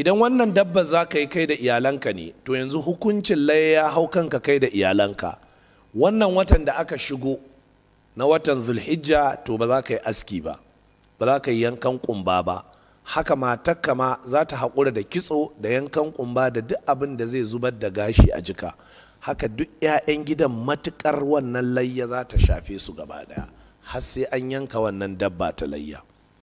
idan wannan dabba za ka yi kai da iyalanka ne to yanzu hukuncin laye ya hau kanka kai da iyalanka wannan watan da aka shigo na watan zulhijja to ba za ka yi aski ba ba za ka yi yankan kumba ba haka matakka ma za ta haƙura da kitso da yankan kumba da duk abin da zai zubar da gashi a jika haka duk 'ya'yan gidan matukar wannan layya za ta shafe su gaba daya har sai an yanka wannan dabba ta layya